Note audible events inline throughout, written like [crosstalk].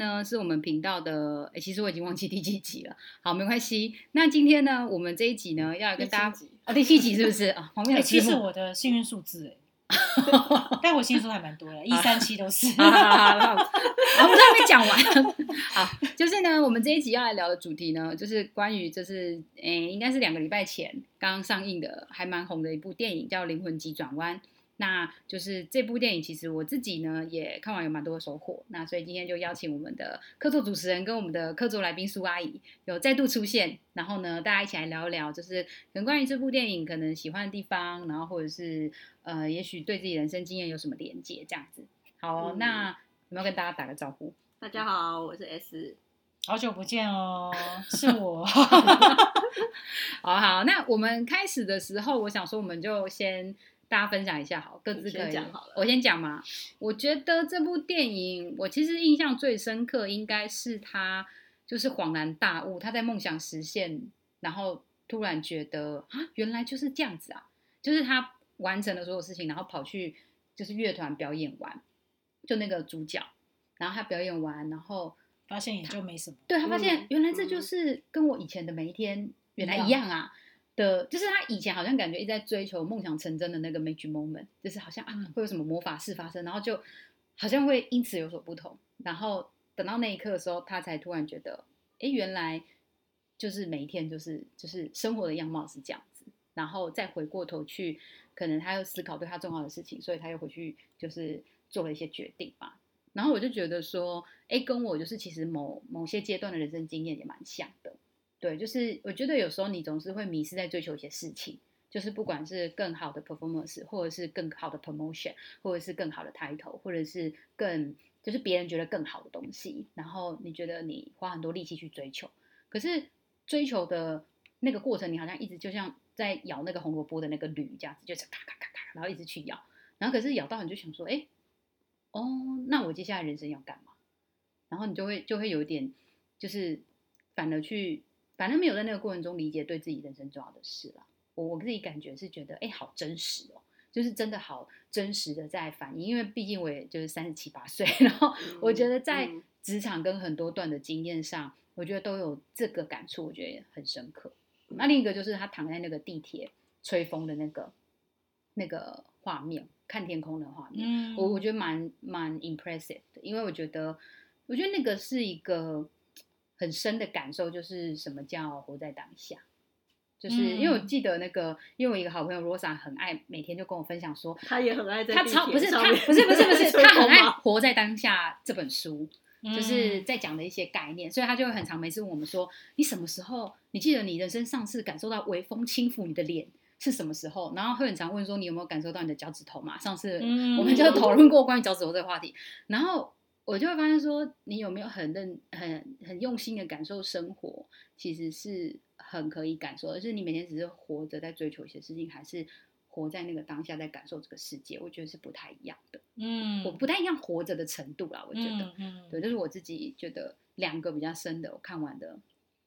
呢，是我們頻道的，誒其實我已經忘記第幾集了。好，沒關係。那今天呢，我們這一集呢，要來跟大家第七集哦，第七集是不是 [laughs] 啊？旁邊有其實我的幸運數字、欸、 [laughs] 但我幸運數還蠻多的，一三七都是。 [laughs] 啊，啊，啊，啊，啊，啊， [laughs] 啊，我們這邊沒講完。 [laughs] 好，就是呢，我們這一集要來聊的主題呢，就是關於就是誒，應該是兩個禮拜前剛上映的，還蠻紅的一部電影，叫《靈魂急轉彎》。那就是這部電影，其實我自己呢也看完有蠻多的收穫。那所以今天就邀請我們的客座主持人跟我們的客座來賓蘇阿姨有再度出現，然後呢大家一起來聊一聊，就是可能關於這部電影可能喜歡的地方，然後或者是呃，也許對自己人生經驗有什麼連接這樣子。好、哦嗯，那有沒有跟大家打個招呼？大家好，我是 S，好久不見哦，是我。 [laughs] [laughs] 好好，那我們開始的時候，我想說我們就先。大家分享一下好，各自各講好了。我先講嘛，我覺得這部電影，我其實印象最深刻應該是他，就是恍然大悟，他在夢想實現，然後突然覺得啊，原來就是這樣子啊，就是他完成了所有事情，然後跑去就是樂團表演完，就那個主角，然後他表演完，然後發現也就沒什麼。對他發現原來這就是跟我以前的每一天、嗯、原來一樣啊。的，就是他以前好像感覺一直在追求夢想成真的那個 major moment，就是好像啊，會有什麼魔法事發生，然後就好像會因此有所不同。然後等到那一刻的時候，他才突然覺得，哎、欸，原來就是每一天，就是就是生活的樣貌是這樣子。然後再回過頭去，可能他又思考對他重要的事情，所以他又回去就是做了一些決定吧。然後我就覺得說，哎、欸，跟我就是其實某某些階段的人生經驗也蠻像的。對，就是我覺得有時候你總是會迷失在追求一些事情，就是不管是更好的 performance，或者是更好的 promotion，或者是更好的 title，或者是更就是別人覺得更好的東西，然後你覺得你花很多力氣去追求，可是追求的那個過程，你好像一直就像在咬那個紅蘿蔔的那個驢這樣子，就是咔咔咔咔咔，然後一直去咬，然後可是咬到你就想說，哎，哦，那我接下來人生要幹嘛？然後你就會就會有點就是反而去。反正沒有在那個過程中理解對自己人生重要的事了。我我自己感覺是覺得，哎、欸，好真實哦、喔，就是真的好真實的在反應。因為畢竟我也就是三十七八歲，然後我覺得在職場跟很多段的經驗上、嗯嗯，我覺得都有這個感觸，我覺得也很深刻。那另一個就是他躺在那個地鐵吹風的那個那個畫面，看天空的畫面，我、嗯、我覺得蠻蠻 impressive 的，因為我覺得，我覺得那個是一個。很深的感受就是什麼叫活在當下。嗯，就是因為我記得那個，因為我一個好朋友羅莎很愛每天就跟我分享說，她也很愛，她超不是，不是，不是，不，是不是，不是，她很愛活在當下這本書，嗯，就是在講的一些概念，所以她就會很常每次問我們說，你什麼時候，你記得你人生上次感受到微風輕撫你的臉是什麼時候？然後會很常問說，你有沒有感受到你的腳趾頭嗎？上次我們就討論過關於腳趾頭這個話題，嗯，然後。我就會發現說，你有沒有很認、很很用心的感受生活，其實是很可以感受的，而、就是你每天只是活着在追求一些事情，還是活在那個當下在感受這個世界，我覺得是不太一樣的。嗯，我不太一樣活着的程度啦，我覺得。嗯。嗯對，這、就是我自己覺得兩個比較深的，我看完的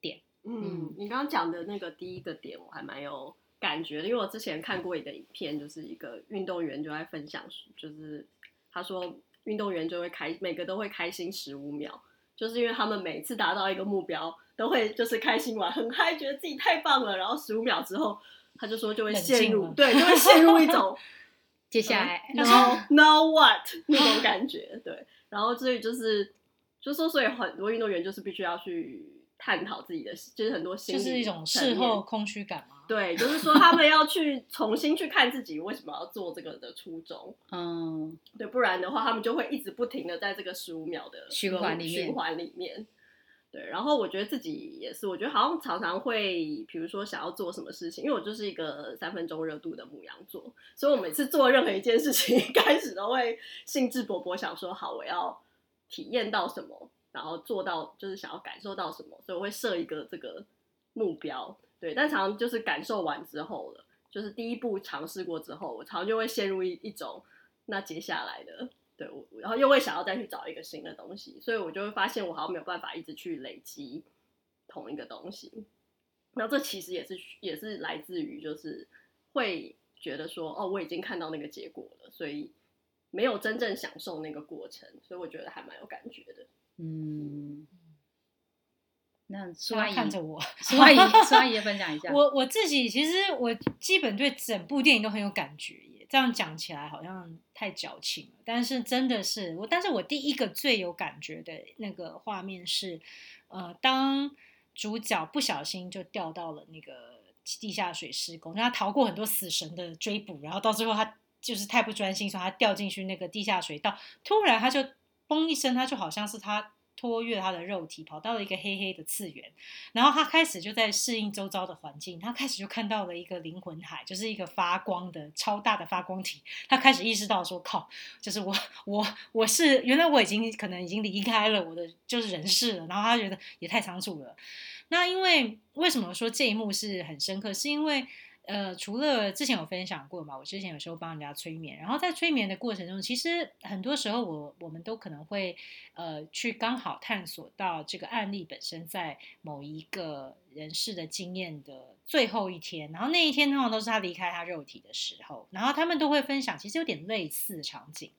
點。嗯，嗯，你剛剛講的那個第一個點，我還蠻有感覺的，因為我之前看過你的影片，就是一個運動員就在分享，就是他說。運動員就會開，每個都會開心十五秒，就是因為他們每次達到一個目標，都會就是開心完很嗨，覺得自己太棒了，然後十五秒之後，他就說就會陷入，對，就會陷入一種 [laughs] 接下來，然後 now what 那種感覺，no. 對，然後所以就是，就說所以很多運動員就是必須要去。探討自己的，就是很多心，就是一種事後空虛感嗎？對，就是說他們要去重新去看自己為什麼要做這個的初衷。嗯， [laughs] 對，不然的話他們就會一直不停的在這個十五秒的循環，循環裡面，循環裡面。對，然後我覺得自己也是，我覺得好像常常會，比如說想要做什麼事情，因為我就是一個三分鐘熱度的牧羊座，所以我每次做任何一件事情，一開始都會興致勃勃想說，好，我要體驗到什麼。然後做到就是想要感受到什麼，所以我會設一個這個目標，對。但常常就是感受完之後了，就是第一步嘗試過之後，我常常就會陷入一一種，那接下來的，對，我，然後又會想要再去找一個新的東西，所以我就會發現我好像沒有辦法一直去累積同一個東西。那這其實也是也是來自於就是會覺得說，哦，我已經看到那個結果了，所以沒有真正享受那個過程，所以我覺得還蠻有感覺的。嗯，那蘇阿姨看着我，蘇阿姨，蘇阿姨也分享一下。我我自己其實我基本對整部電影都很有感覺耶，這樣講起來好像太矯情了。但是真的是我，但是我第一個最有感覺的那個畫面是，呃，當主角不小心就掉到了那個地下水施工，他逃過很多死神的追捕，然後到最後他就是太不專心，所以他掉進去那個地下水道，突然他就。砰一聲，他就好像是他拖越他的肉體，跑到了一個黑黑的次元，然後他開始就在適應周遭的環境，他開始就看到了一個靈魂海，就是一個發光的超大的發光體，他開始意識到說靠，就是我我我是原來我已經可能已經離開了我的就是人世了，然後他覺得也太倉促了，那因為為什麼說這一幕是很深刻，是因為。呃，除了之前有分享過嘛，我之前有時候幫人家催眠，然後在催眠的過程中，其實很多時候我我們都可能會，呃，去剛好探索到這個案例本身在某一個人世的經驗的最後一天，然後那一天通常都是他離開他肉體的時候，然後他們都會分享，其實有點類似的場景。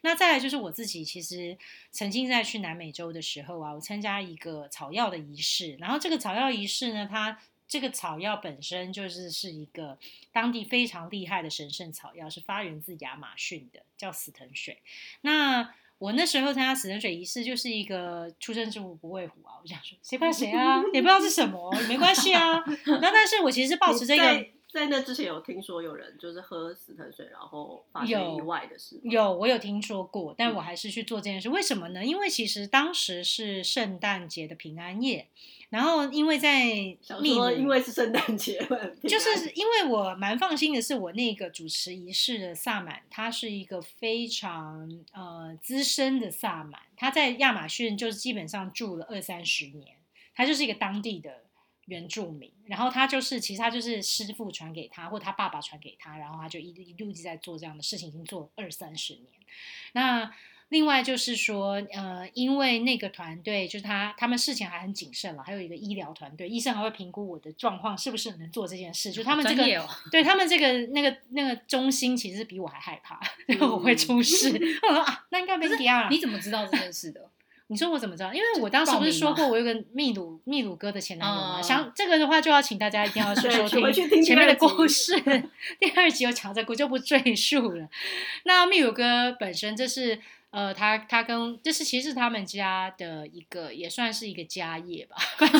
那再來就是我自己，其實曾經在去南美洲的時候啊，我參加一個草藥的儀式，然後這個草藥儀式呢，它。這個草藥本身就是是一個當地非常厲害的神聖草藥，是發源自亞馬遜的，叫死藤水。那我那時候參加死藤水儀式，就是一個“初生之犢不畏虎”啊，我想說，誰怕誰啊？ [laughs] 也不知道是什麼，沒關係啊。 [laughs] 那但是我其實是抱持這個。在那之前有聽說有人就是喝死藤水，然後發生意外的事有。有，我有聽說過，但我還是去做這件事。嗯。為什麼呢？因為其實當時是聖誕節的平安夜，然後因為在秘魯，你說因為是聖誕節，就是因為我蠻放心的是，我那個主持儀式的薩滿，他是一個非常呃資深的薩滿，他在亞馬遜就是基本上住了二三十年，他就是一個當地的原住民，然後他就是，其實他就是師父傳給他，或他爸爸傳給他，然後他就一一直在做這樣的事情，已經做了二三十年。那另外就是說，呃，因為那個團隊就是他，他們事情還很謹慎了，還有一個醫療團隊，醫生還會評估我的狀況是不是能做這件事，嗯、就他們這個、哦、對他們這個那個那個中心，其實比我還害怕，因、嗯、 [laughs] 我會出事 [laughs] [laughs] 我說啊。那應該沒事啊，你怎麼知道這件事的？ [laughs] 你說我怎麼知道？因為我當時不是說過，我有個秘魯秘魯哥的前男友嗎？想這個的話，就要請大家一定要收收聽前面的故事。 [laughs] 第二集有講，這個我就不贅述了。那秘魯哥本身就是。呃，他他跟就是其實他們家的一個也算是一個家業吧，反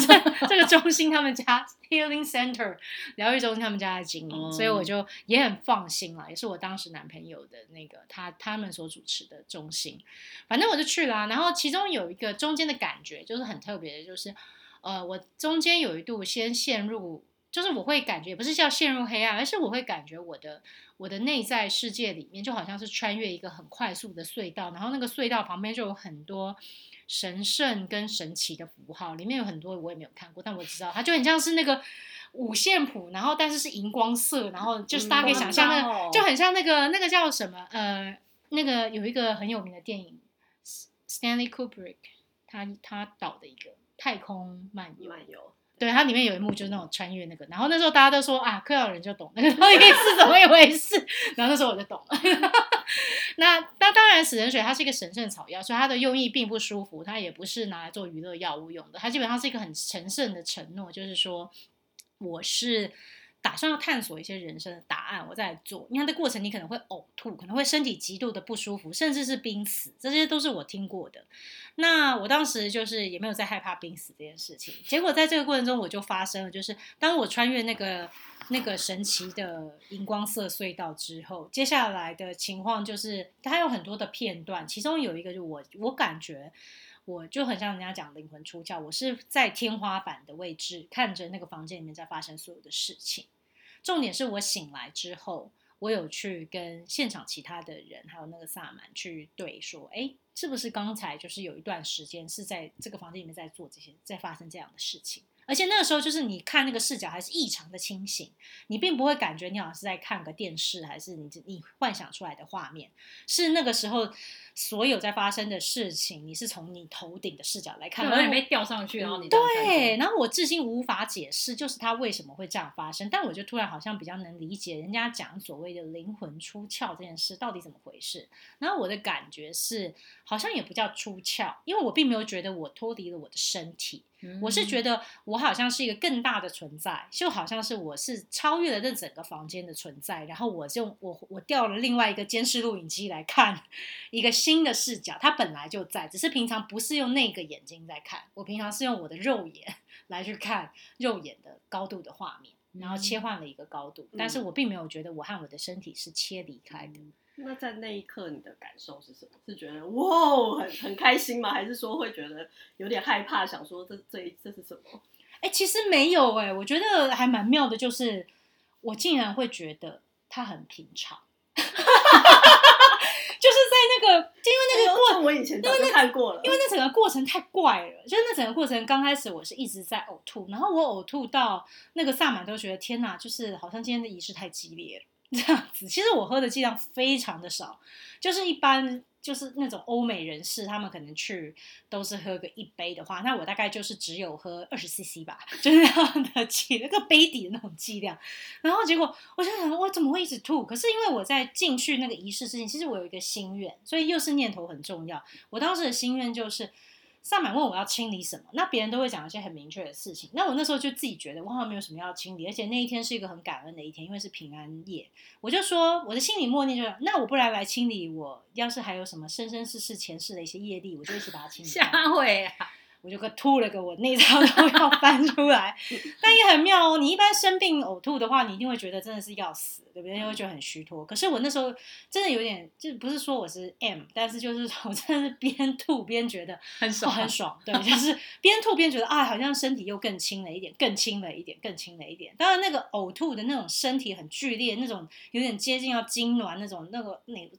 [laughs] 正 [laughs] 這個中心他們家 Healing Center 療癒中心，他們家的經營，嗯、所以我就也很放心了，也是我當時男朋友的那個他他們所主持的中心，反正我就去啦，然後其中有一個中間的感覺就是很特別的，就是呃，我中間有一度先陷入。就是我會感覺，也不是叫陷入黑暗，而是我會感覺我的我的內在世界裡面就好像是穿越一個很快速的隧道，然後那個隧道旁邊就有很多神聖跟神奇的符號，裡面有很多我也沒有看過，但我知道它就很像是那個五線譜，然後但是是熒光色，然後就是大家可以想象那個很哦、就很像那個那個叫什麼呃，那個有一個很有名的電影 Stanley Kubrick，他他導的一個太空漫遊漫遊。對，它裡面有一幕就是那種穿越那個，然後那時候大家都說啊，嗑藥人就懂那個東西是怎麼一回事， [laughs] 然後那時候我就懂了。 [laughs] 那那當然，死藤水它是一個神聖草藥，所以它的用意並不舒服，它也不是拿來做娛樂藥物用的，它基本上是一個很神聖的承諾，就是說我是。打算要探索一些人生的答案，我再來做。因為它的過程，你可能會嘔吐，可能會身體極度的不舒服，甚至是瀕死，這些都是我聽過的。那我當時就是也沒有在害怕瀕死這件事情。結果在這個過程中，我就發生了，就是當我穿越那個那個神奇的熒光色隧道之後，接下來的情況就是它有很多的片段，其中有一個就是我我感覺。我就很像人家講靈魂出竅，我是在天花板的位置看着那個房間裡面在發生所有的事情。重點是我醒來之後，我有去跟現場其他的人，還有那個薩滿去對說，誒，是不是剛才就是有一段時間是在這個房間裡面在做這些，在發生這樣的事情。而且那個時候，就是你看那個視角還是異常的清醒，你並不會感覺你好像是在看個電視，還是你你幻想出來的畫面。是那個時候所有在發生的事情，你是從你頭頂的視角來看，然後你沒吊上去，然後你對，然後我至今無法解釋，就是他為什麼會這樣發生。但我就突然好像比較能理解人家講所謂的靈魂出竅這件事到底怎麼回事。然後我的感覺是，好像也不叫出竅，因為我並沒有覺得我脫離了我的身體。我是覺得我好像是一個更大的存在，就好像是我是超越了那整個房間的存在。然後我就我我調了另外一個監視錄影機來看一個新的視角。它本來就在，只是平常不是用那個眼睛在看，我平常是用我的肉眼來去看肉眼的高度的畫面，然後切換了一個高度，但是我並沒有覺得我和我的身體是切離開的。那在那一刻，你的感受是什麼？是覺得哇，很很開心嗎？還是說會覺得有點害怕，想說這這這是什麼？哎、欸，其實沒有哎、欸，我覺得還蠻妙的，就是我竟然會覺得他很平常， [laughs] [laughs] [laughs] 就是在那個，因為那個過，哎、因為我以前都有看過了因，因為那整個過程太怪了，就是那整個過程剛開始我是一直在嘔吐，然後我嘔吐到那個薩滿都覺得天吶，就是好像今天的儀式太激烈了。這樣子，其實我喝的劑量非常的少，就是一般就是那種歐美人士，他們可能去都是喝個一杯的話，那我大概就是只有喝二十 CC 吧，就是那樣的劑那個杯底的那種劑量。然後結果我就想說，我怎麼會一直吐？可是因為我在進去那個儀式之前，其實我有一個心願，所以又是念頭很重要。我當時的心願就是。薩滿問我要清理什麼，那別人都會講一些很明確的事情。那我那時候就自己覺得我好像沒有什麼要清理，而且那一天是一個很感恩的一天，因為是平安夜，我就說我的心裡默念就是，那我不然來清理我，我要是還有什麼生生世世前世的一些業力，我就一起把它清理下回啊。我就吐了個我，我內臟都要翻出來， [laughs] 但也很妙哦。你一般生病嘔吐的話，你一定會覺得真的是要死，對不對？因為會覺得很虛脫。可是我那時候真的有點，就不是說我是 M，但是就是我真的是邊吐邊覺得很爽，啊哦，很爽，對，就是邊吐邊覺得啊，好像身體又更輕了一點，更輕了一點，更輕了一點。當然那個嘔吐的那種身體很劇烈，那種有點接近要痙攣那種，那個那個。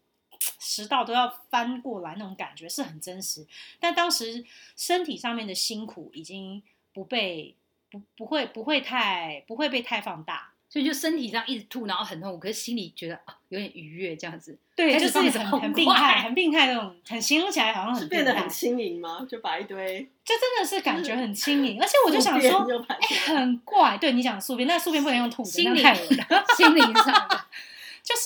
食道都要翻過來，那種感覺是很真實。但當時身體上面的辛苦已經不被不不會不會太不會被太放大，所以就身體上一直吐，然後很痛苦。可是心裡覺得啊，有點愉悅這樣子。對，是就是很很病態，很病態那種。很形容起來好像很是變得很輕盈嗎？就把一堆就真的是感覺很輕盈，而且我就想說， [laughs] 欸、很怪。對你講的宿便，那宿便不能用吐的，那太 [laughs] 心靈上心靈上就是。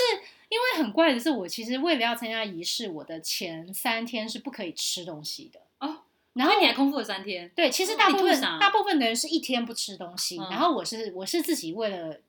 因為很怪的是，我其實為了要參加儀式，我的前三天是不可以吃東西的哦。然後你還空腹了三天？對，其實大部分大部分的人是一天不吃東西，然後我是我是自己為了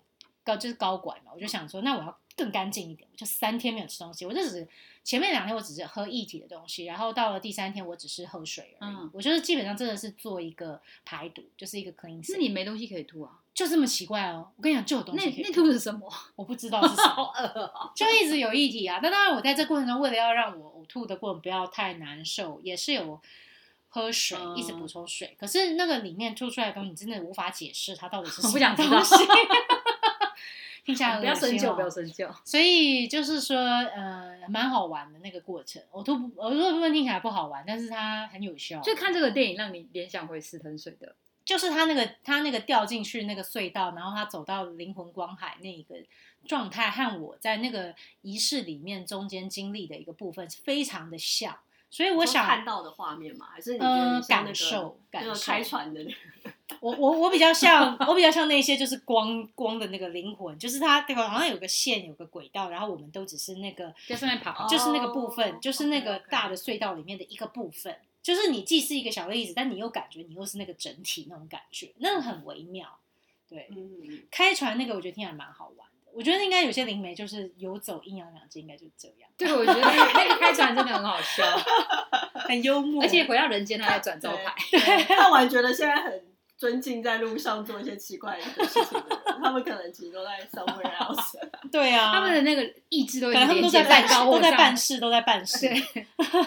高就是高管嘛，我就想說，那我要更乾淨一點，就三天沒有吃東西。我就只是前面兩天我只是喝液體的東西，然後到了第三天我只是喝水而已。我就是基本上真的是做一個排毒，就是一個 c l e a n。你沒東西可以吐啊？就這麼奇怪哦！我跟你講，就有東西。那那吐是什麼？我不知道是什麼。 [laughs] 哦、就一直有液體啊。那當然，我在這過程中，為了要讓我嘔吐的過程不要太難受，也是有喝水，嗯、一直補充水。可是那個裡面吐出來的東西，嗯、你真的無法解釋它到底是什麼東西。不 [laughs] [laughs] 聽起來很噁心哦。不要神教，不要神教，所以就是說，呃，蠻好玩的那個過程。嘔吐的部分聽起來不好玩，但是它很有效。就看這個電影，讓你聯想回《死藤水》的。就是他那個，他那個掉進去那個隧道，然後他走到靈魂光海那個狀態，和我在那個儀式裡面中間經歷的一個部分是非常的像，所以我想看到的畫面嘛，還是你覺得你、嗯感受那個、感受？那個開船的？我我我比較像，我比較像那些就是光光的那個靈魂，就是它好像有個線，有個軌道，然後我們都只是那個在上面跑跑，就是那個部分，oh, 就是那個大的隧道裡面的一個部分。就是你既是一個小例子，但你又感覺你又是那個整體那種感覺，那很微妙。對，嗯、開船那個我覺得聽起來蠻好玩的。我覺得應該有些靈媒就是遊走陰陽兩界，應該就是這樣。對，我覺得那個開船真的很好笑， [laughs] 很幽默。而且回到人間，他要轉招牌，看、啊、完 [laughs] 覺得現在很尊敬在路上做一些奇怪的事情的人。他們可能其實都在 somewhere else [laughs] 對啊，他們的那個意志都一可能都在在高，都在辦事，都在辦事。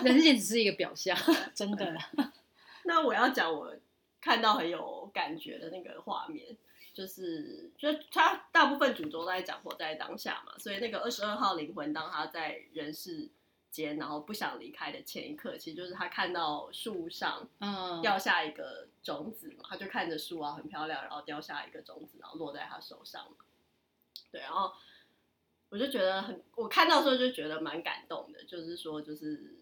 人間只是一個表象，真的。 [laughs] 那我要講我看到很有感覺的那個畫面，就是，就他大部分主軸都在講活在當下嘛，所以那個二十二號靈魂，當他在人世間，然後不想離開的前一刻，其實就是他看到樹上，嗯，掉下一個。嗯種子嘛，他就看着樹啊，很漂亮，然後掉下一個種子，然後落在他手上嘛。對，然後我就覺得很，我看到的時候就覺得蠻感動的，就是說，就是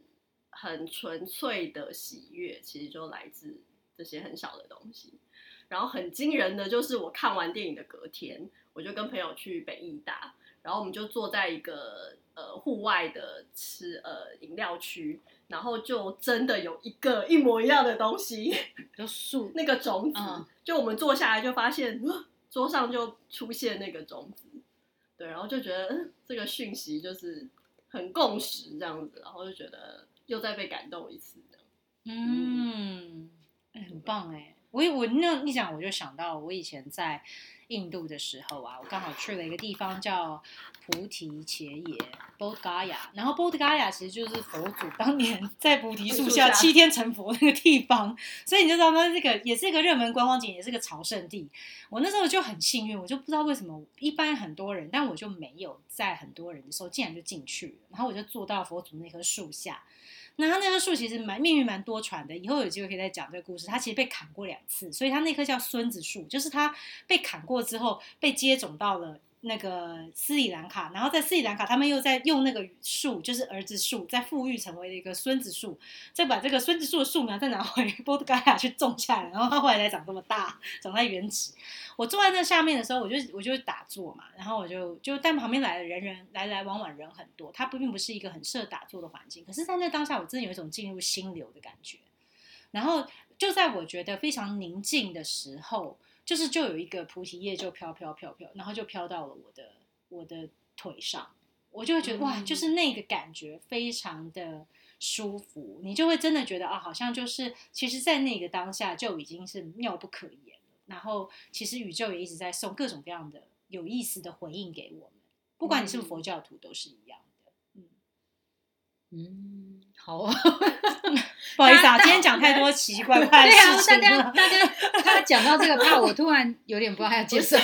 很純粹的喜悅，其實就來自這些很小的東西。然後很驚人的就是，我看完電影的隔天，我就跟朋友去北藝大，然後我們就坐在一個呃戶外的吃呃飲料區。然後就真的有一個一模一樣的東西，就樹 [laughs] 那個種子、嗯，就我們坐下來就發現、啊，桌上就出現那個種子，對，然後就覺得、嗯、這個訊息就是很共時這樣子，然後就覺得又再被感動一次嗯，嗯、欸，很棒哎、欸，我我那一講我就想到我以前在。印度的時候啊，我剛好去了一個地方叫菩提伽耶，Bodhgaya 然後 Bodhgaya 其實就是佛祖當年在菩提樹下七天成佛那個地方，所以你就知道它這個也是一個熱門觀光景，也是個朝聖地。我那時候就很幸運，我就不知道為什麼一般很多人，但我就沒有在很多人的時候，竟然就進去，然後我就坐到佛祖那棵樹下。那它那棵樹其實蠻命運蠻多舛的，以後有機會可以再講這個故事。它其實被砍過兩次，所以它那棵叫孫子樹，就是它被砍過之後被接種到了。那個斯里蘭卡，然後在斯里蘭卡，他們又在用那個樹，就是兒子樹，在培育成為了一個孫子樹，再把這個孫子樹的樹苗再拿回波多蓋亞去種下來，然後它後來才長這麼大，長在原址。我坐在那下面的時候，我就我就打坐嘛，然後我就就但旁邊來的人人來來往往人很多，它不並不是一個很適合打坐的環境，可是，在那當下，我真的有一種進入心流的感覺。然後就在我覺得非常寧靜的時候。就是就有一個菩提葉就飄飄飄飄，然後就飄到了我的我的腿上，我就會覺得、嗯、哇，就是那個感覺非常的舒服，你就會真的覺得啊，好像就是其實，在那個當下就已經是妙不可言了。然後其實宇宙也一直在送各種各樣的有意思的回應給我們，不管你是不是佛教徒都是一樣。嗯嗯，好、哦， [laughs] 不好意思啊，今天講太多奇奇怪怪的事情了、啊。大家大家他講到這個怕我突然有點不知道他要結 [laughs] [laughs] [laughs]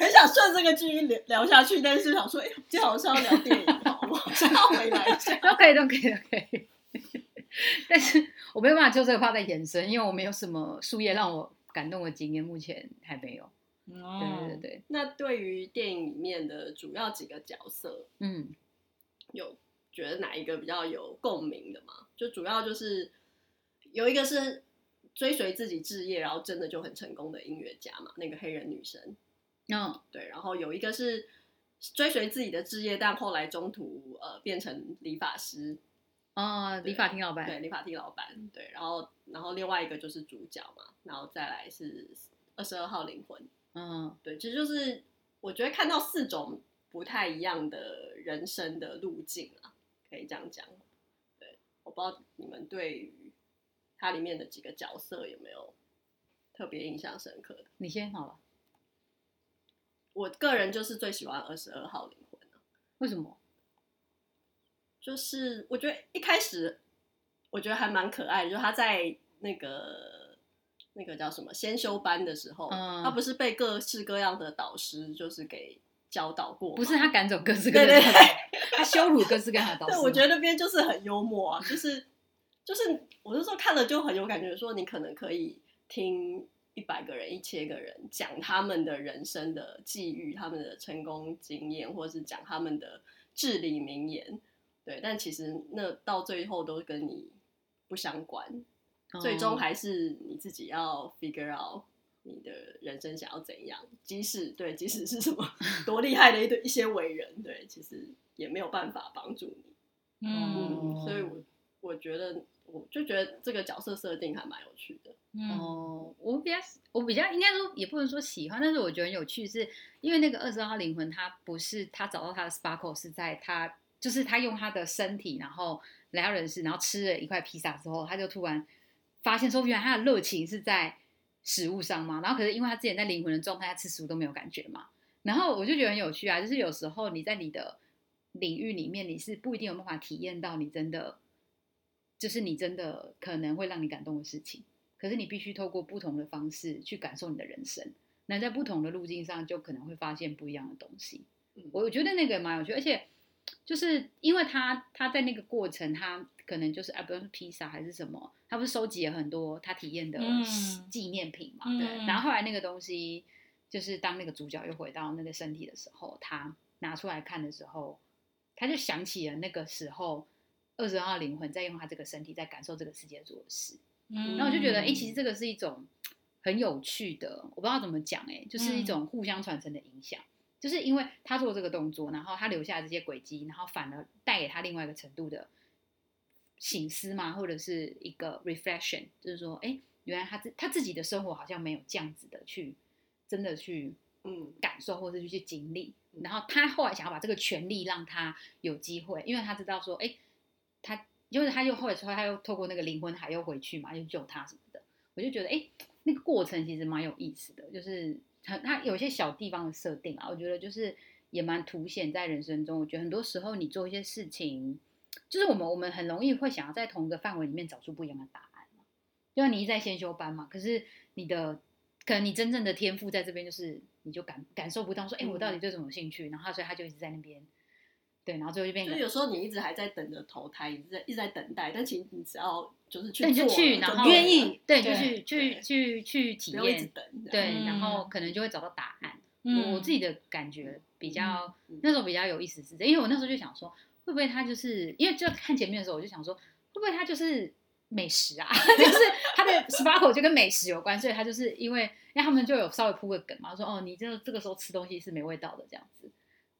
很想順這個劇情聊聊下去，但是想說，哎、欸，今天好像要聊電影， [laughs] 好，我想要回來，都可以，都可以，都可以。但是我沒有辦法就這個話的延伸，因為我沒有什麼樹葉讓我感動的經驗，目前還沒有。Oh. 對,對對對。那對於電影裡面的主要幾個角色，嗯。有覺得哪一個比較有共鳴的嗎？就主要就是有一個是追隨自己志業，然後真的就很成功的音樂家嘛，那個黑人女生。嗯、oh.，對。然後有一個是追隨自己的志業，但後來中途呃變成理髮師。哦、oh,，理髮廳老闆。對，理髮廳老闆。對，然後然後另外一個就是主角嘛，然後再來是二十二號靈魂。嗯、oh.，對，這就，就是我覺得看到四種不太一樣的人生的路徑啊，可以這樣講。對，我不知道你們對於它裡面的幾個角色有沒有特別印象深刻的？你先好了。我個人就是最喜歡二十二號靈魂啊。為什麼？就是我覺得一開始我覺得還蠻可愛的，就他在那個那個叫什麼先修班的時候，嗯，他不是被各式各樣的導師就是給。教導過，不是他趕走各式各樣的，對對對，他羞辱各式各樣的。對，我覺得那邊就是很幽默啊，就是就是，我那時候看了就很有感覺，說你可能可以聽一百個人、一千個人講他們的人生的際遇、他們的成功經驗，或者是講他們的至理名言，對。但其實那到最後都跟你不相關，oh. 最終還是你自己要 figure out。你的人生想要怎樣？即使對，即使是什麼多厲害的一對一些偉人，對，其實也沒有辦法幫助你。嗯，嗯所以我我覺得，我就覺得這個角色設定還蠻有趣的。嗯。哦，我比較，我比較應該說也不能說喜歡，但是我覺得很有趣是，是因為那個二十二號靈魂，他不是他找到他的 sparkle 是在他，就是他用他的身體，然後來人世，然後吃了一塊披薩之後，他就突然發現說，原來他的熱情是在。食物上嘛，然後可是因為他之前在靈魂的狀態下吃食物都沒有感覺嘛，然後我就覺得很有趣啊，就是有時候你在你的領域裡面，你是不一定有辦法體驗到你真的，就是你真的可能會讓你感動的事情，可是你必須透過不同的方式去感受你的人生，那在不同的路徑上就可能會發現不一樣的東西。嗯。我覺得那個蠻有趣，而且。就是因為他他在那個過程，他可能就是啊，不是披薩還是什麼，他不是收集了很多他體驗的紀念品嘛、嗯？對。然後後來那個東西，就是當那個主角又回到那個身體的時候，他拿出來看的時候，他就想起了那個時候，二十二號靈魂在用他這個身體在感受這個世界做的事。嗯。那我就覺得，哎、欸，其實這個是一種很有趣的，我不知道怎麼講，哎，就是一種互相傳承的影響。嗯就是因為他做這個動作，然後他留下了這些軌跡，然後反而帶給他另外一個程度的省思嘛，或者是一個 reflection，就是說，哎，原來他自他自己的生活好像沒有這樣子的去真的去嗯感受，或者去去經歷。然後他後來想要把這個權利讓他有機會，因為他知道說，哎，他因為、就是、他又後來說他又透過那個靈魂海又回去嘛，又救他什麼的。我就覺得，哎，那個過程其實蠻有意思的，就是。它有些小地方的設定啊，我覺得就是也蠻凸顯在人生中。我覺得很多時候你做一些事情，就是我們我們很容易會想要在同一個範圍裡面找出不一樣的答案嘛，就因為你一在先修班嘛，可是你的可能你真正的天賦在這邊，就是你就感感受不到說，哎、欸，我到底對什麼有興趣、嗯，然後所以他就一直在那邊。對，然後最後就變成。就是有時候你一直還在等着投胎，一直在一直在等待，但其實你只要就是去，你就去，然後願意，對，對對就去去去去體驗，對，然後可能就會找到答案，嗯。我自己的感覺比較、嗯、那時候比較有意思是，因為我那時候就想說，會不會他就是，因為就看前面的時候我就想說，會不會他就是美食啊， [laughs] 就是他的 sparkle 就跟美食有關，所以他就是因為，因為他們就有稍微鋪個梗嘛，說哦，你這這個時候吃東西是沒味道的這樣子，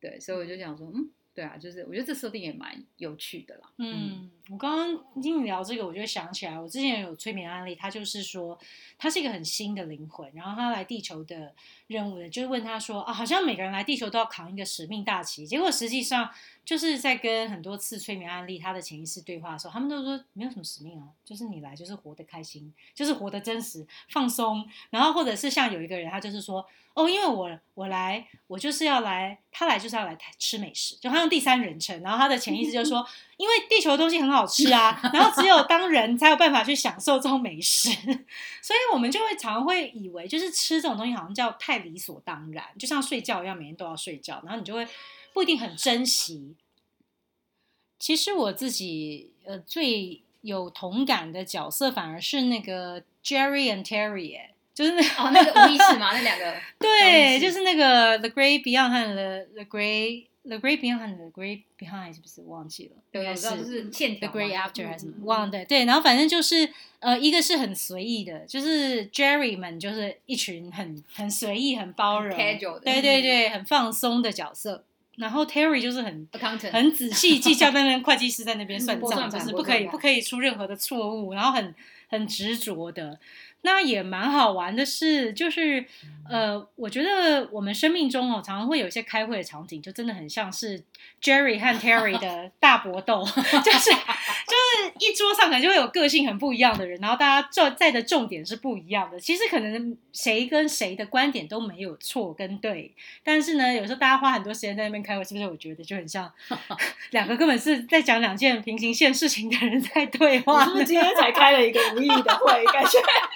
對，所以我就想說，嗯。對啊，就是我覺得這設定也蠻有趣的啦。嗯，我剛剛聽你聊這個，我就想起來，我之前有催眠案例，他就是說，他是一個很新的靈魂，然後他來地球的任務呢，就是問他說，啊，好像每個人來地球都要扛一個使命大旗，結果實際上。就是在跟很多次催眠案例，他的潛意識對話的時候，他們都說沒有什麼使命啊，就是你來就是活得開心，就是活得真實放鬆，然後或者是像有一個人，他就是說，哦，因為我我來我就是要來，他來就是要來吃美食，就他用第三人稱，然後他的潛意識就說， [laughs] 因為地球的東西很好吃啊，然後只有當人才有辦法去享受這種美食，所以我們就會常會以為，就是吃這種東西好像叫太理所當然，就像睡覺一樣，每天都要睡覺，然後你就會。不一定很珍惜。其實我自己呃最有同感的角色，反而是那個 Jerry and Terry，耶、欸，就是那個、哦，那個無意識嘛 [laughs] 那兩個，對，就是那個 The Great Beyond 和 The The Great The Great Beyond 和 The Great Behind，是不是忘記了？應該是欠條 The Great After 還是什麼？忘對對，然後反正就是呃一個是很隨意的，就是 Jerry 們就是一群很很隨意、很包容、casual，對對對，嗯、很放鬆的角色。然後 Terry 就是很、Ackerman、很仔細計較在那邊，那 [laughs] 那會計師在那邊算賬， [laughs] 就是不可以 [laughs] 不可以出任何的錯誤， [laughs] 然後很很執着的。那也蠻好玩的是，就是呃，我覺得我們生命中哦，常常會有一些開會的場景，就真的很像是 Jerry 和 Terry 的大搏鬥， [laughs] [laughs] 就是。一桌上可能就會有個性很不一樣的人，然後大家坐在的重點是不一樣的。其實可能誰跟誰的觀點都沒有錯跟對，但是呢，有時候大家花很多時間在那邊開會，是不是？我覺得就很像兩 [laughs] 個根本是在講兩件平行線事情的人在對話。我們今天才開了一個無意義的會， [laughs] 感覺。 [laughs]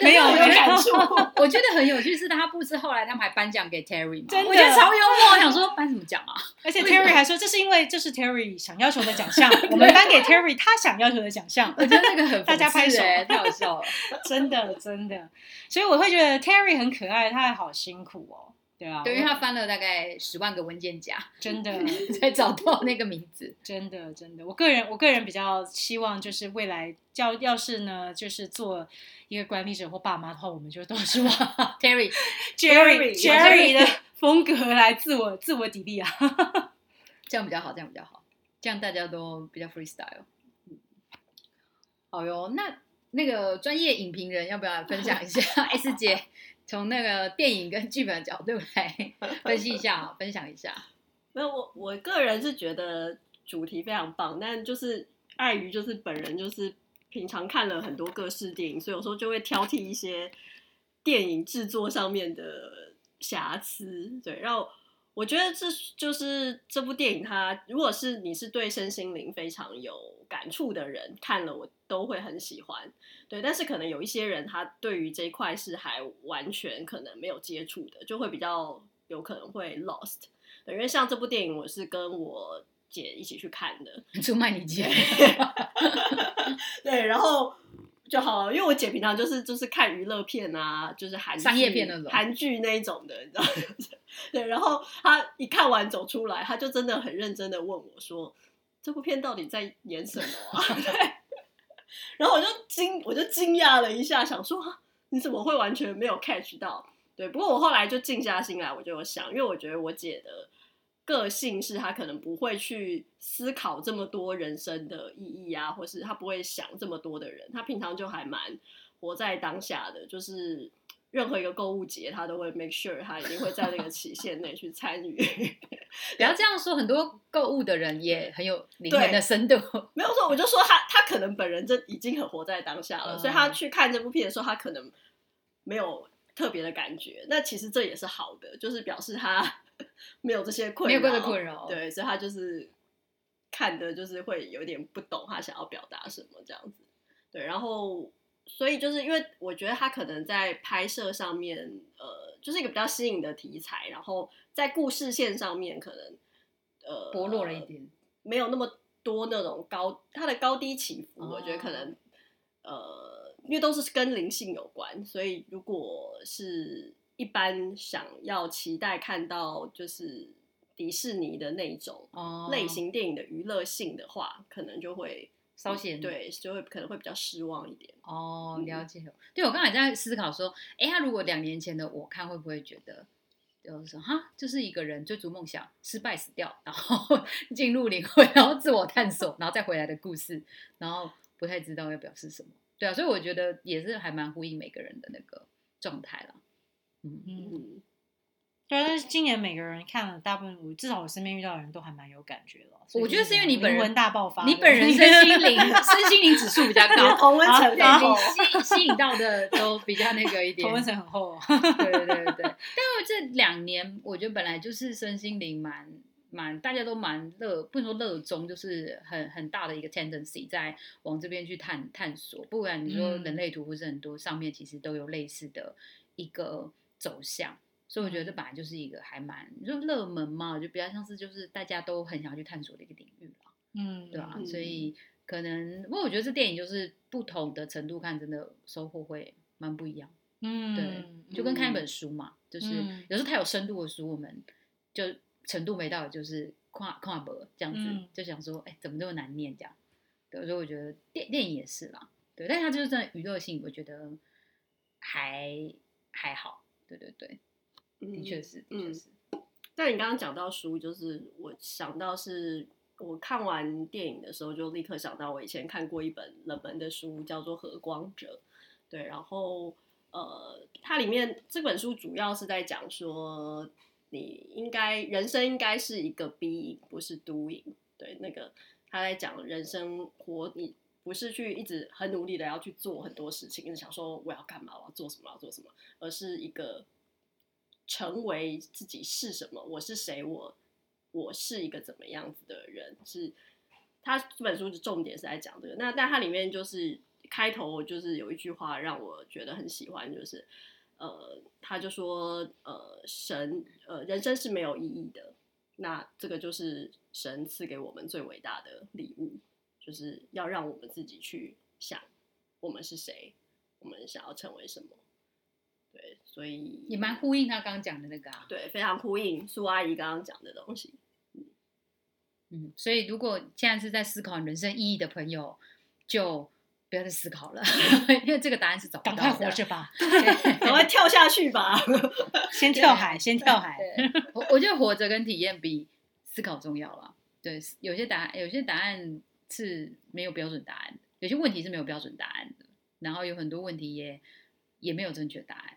有沒有有感觸，我覺得很有趣，是他布置後來他們還頒獎給 Terry 嘛，我覺得超幽默，我想說，頒什麼獎啊？而且 Terry 還說這是因為這是 Terry 想要求的獎項，我們頒給 Terry 他想要求的獎項。我覺得那個很，大家拍手，欸，太好笑了，真的真的。所以我會覺得 Terry 很可愛，他還好辛苦哦。對啊，對，因為他翻了大概十萬個文件夾，真的 [laughs] 才找到那個名字，真的真的。我個人我個人比較希望就是未來教，要是呢，就是做。一個管理者或爸媽的話，我們就都是我 [laughs] ，Jerry，Jerry，Jerry 的風格來自我 [laughs] 自我砥礪啊， [laughs] 這樣比較好，這樣比較好，這樣大家都比較 freestyle。嗯，好，oh, 喲，那那個專業影評人要不要分享一下 [laughs] ？S 姐從那個電影跟劇本的角度來分析一下啊， [laughs] [laughs] 分享一下。沒有，我我個人是覺得主題非常棒，但就是礙於就是本人就是。平常看了很多各式電影，所以有時候就會挑剔一些電影製作上面的瑕疵，對。然後我覺得這就是這部電影它，它如果是你是對身心靈非常有感觸的人看了，我都會很喜歡，對。但是可能有一些人他對於這一塊是還完全可能沒有接觸的，就會比較有可能會 lost。因為像這部電影，我是跟我。姐一起去看的，出賣你姐，對, [laughs] 對，然後就好了，因為我姐平常就是就是看娛樂片啊，就是韓劇商業片那種，韓劇那一種的，你知道是不是？對，然後她一看完走出來，她就真的很認真的問我說，說這部片到底在演什麼啊？對，然後我就驚，我就驚訝了一下，想說，啊，你怎麼會完全沒有 catch 到？對，不過我後來就靜下心來，我就想，因為我覺得我姐的。個性是他可能不會去思考這麼多人生的意義啊，或是他不會想這麼多的人。他平常就還蠻活在當下的，就是任何一個購物節，他都會 make sure 他一定會在那個期限內去參與。你 [laughs] 要這樣說，很多購物的人也很有靈魂的深度。沒有說，我就說他他可能本人就已經很活在當下了、嗯，所以他去看這部片的時候，他可能沒有。特別的感覺，那其實這也是好的，就是表示他沒有這些困擾，沒有過的困擾，對，所以他就是看的，就是會有點不懂他想要表達什麼這樣子，對，然後所以就是因為我覺得他可能在拍攝上面，呃，就是一個比較新穎的題材，然後在故事線上面可能呃薄弱了一點，呃，沒有那麼多那種高它的高低起伏，哦，我覺得可能呃。因為都是跟靈性有關，所以如果是一般想要期待看到就是迪士尼的那一種類型電影的娛樂性的話，哦，可能就會稍顯，對，就會可能會比較失望一點。哦，了解。嗯、對我剛才在思考說，哎、欸，他如果兩年前的我看會不會覺得，就是說哈，就是一個人追逐夢想失敗死掉，然後進入靈魂，然後自我探索， [laughs] 然後再回來的故事，然後不太知道要表示什麼。對啊，所以我覺得也是還蠻呼應每個人的那個狀態了，嗯，嗯對、嗯。但是今年每個人看了大部分，至少我身邊遇到的人都還蠻有感覺的。我覺得是因為你本人大爆發，你本人身心靈 [laughs] 身心靈指數比較高，同溫層很厚，然後吸吸引到的都比較那個一點，同溫層很厚。哦。 [laughs] 對，對對對，但我這兩年我覺得本來就是身心靈蠻。蠻大家都蠻熱，不能說熱衷，就是很很大的一個 tendency 在往這邊去探探索。不然你說人類圖或是很多、嗯、上面其實都有類似的，一個走向、嗯。所以我覺得這本來就是一個還蠻熱門嘛，就比較像是就是大家都很想要去探索的一個領域嘛嗯，對、啊、嗯所以可能不過我覺得這電影就是不同的程度看，真的收穫會蠻不一樣。嗯，對嗯，就跟看一本書嘛，嗯、就是有時候它有深度的書，我們就。程度沒到，就是跨跨博這樣子、嗯，就想說，哎、欸，怎麼這麼難念這樣？所以我覺得電電影也是啦，對，但是它就是在娛樂性，我覺得還還好。對對對，的確是的確是。但你剛剛講到書，就是我想到是我看完電影的時候，就立刻想到我以前看過一本冷門的書，叫做《和光者》。對，然後呃，它裡面這本書主要是在講說。你應該人生應該是一個 being，不是 doing。對，那個他在講人生活，你不是去一直很努力的要去做很多事情，你想說我要幹嘛，我要做什麼，我要做什麼，而是一個成為自己是什麼，我是誰，我我是一個怎麼樣子的人。是他這本書的重點是在講這個。那但他裡面就是開頭就是有一句話讓我覺得很喜歡，就是。呃，他就說，呃，神，呃，人生是沒有意義的。那這個就是神賜給我們最偉大的禮物，就是要讓我們自己去想，我們是誰，我們想要成為什麼。對，所以也蠻呼應他剛剛講的那個啊，對，非常呼應蘇阿姨剛剛講的東西。嗯，嗯，所以如果現在是在思考人生意義的朋友，就。不要再思考了，因為這個答案是找不到的。趕快活着吧，趕 [laughs] 快 [laughs] [laughs] 跳下去吧， [laughs] [laughs] 先跳海， [laughs] 先跳海。 [laughs] 我覺得活着跟體驗比思考重要了。對，有些答案，有些答案是沒有標準答案的，有些問題是沒有標準答案的。然後有很多問題也也沒有正確答案。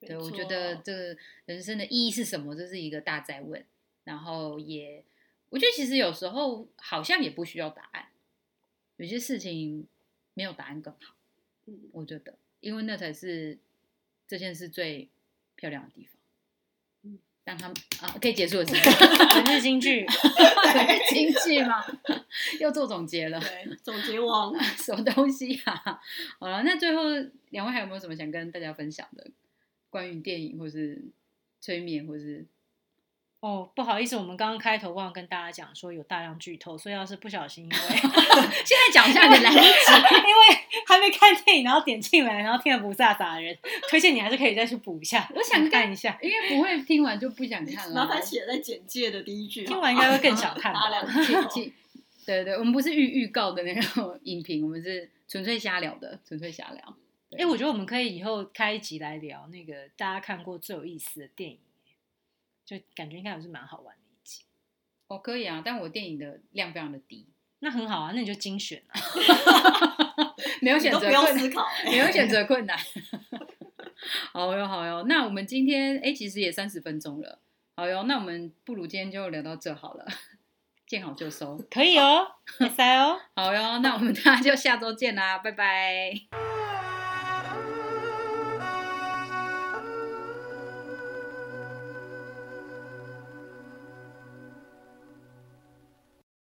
對，我覺得這個人生的意義是什麼？這是一個大哉問。然後也，我覺得其實有時候好像也不需要答案，有些事情。沒有答案更好。嗯，我覺得，因為那才是這件事最漂亮的地方。嗯，讓他們啊，可以結束的時候，真是金句，真是金句嘛， [laughs] 又做總結了，對，總結王，什麼東西啊？好了，那最後兩位還有沒有什麼想跟大家分享的？關於電影，或是催眠，或是？哦，不好意思，我們剛剛開頭忘了跟大家講說有大量劇透，所以要是不小心因， [laughs] 因為現在講一下也來得及， [laughs] 因為還沒看電影，然後點進來，然後聽了不颯咋人，推薦你還是可以再去補一下。我想看一下，因為不會聽完就不想看了。麻煩寫在簡介的第一句，聽完應該會更想看大量、啊啊啊啊啊啊啊啊啊。對對對，我們不是預預告的那種影評， [laughs] 我們是純粹瞎聊的，純粹瞎聊。哎、欸，我覺得我們可以以後開一集來聊那個大家看過最有意思的電影。就感覺應該還是蠻好玩的一集，哦、oh，可以啊，但我電影的量非常的低，那很好啊，那你就精選了，啊，沒 [laughs] 有選擇困難，沒、 [laughs] 欸、有選擇困難。 [laughs] 好，喲好喲好喲，那我們今天哎、欸，其實也三十分鐘了，好喲，那我們不如今天就聊到這好了，見好就收，可以哦，拜拜哦，好喲，那我們大家就下周見啦，拜拜。